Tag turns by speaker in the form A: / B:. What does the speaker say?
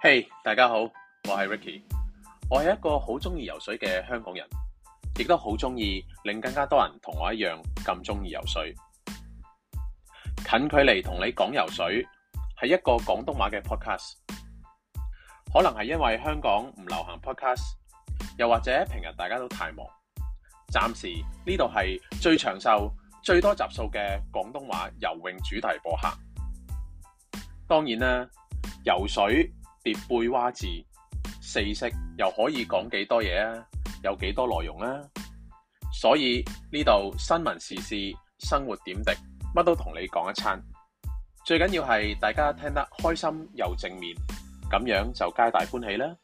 A: 嘿，hey，大家好，我係 Ricky。我係一個好鍾意游水嘅香港人，亦都好鍾意令更加多人同我一樣咁鍾意游水。近距離同你講游水係一個廣東話嘅 podcast，可能係因為香港唔流行 podcast，又或者平日大家都太忙。暫時呢度係最長壽、最多集數嘅廣東話游泳主題播客。當然啦，游水。背蛙自四式，又可以講幾多嘢啊？有幾多內容啊？所以呢度新聞時事、生活點滴，乜都同你講一餐。最緊要係大家聽得開心又正面，咁樣就皆大歡喜啦。